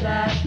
flashlight.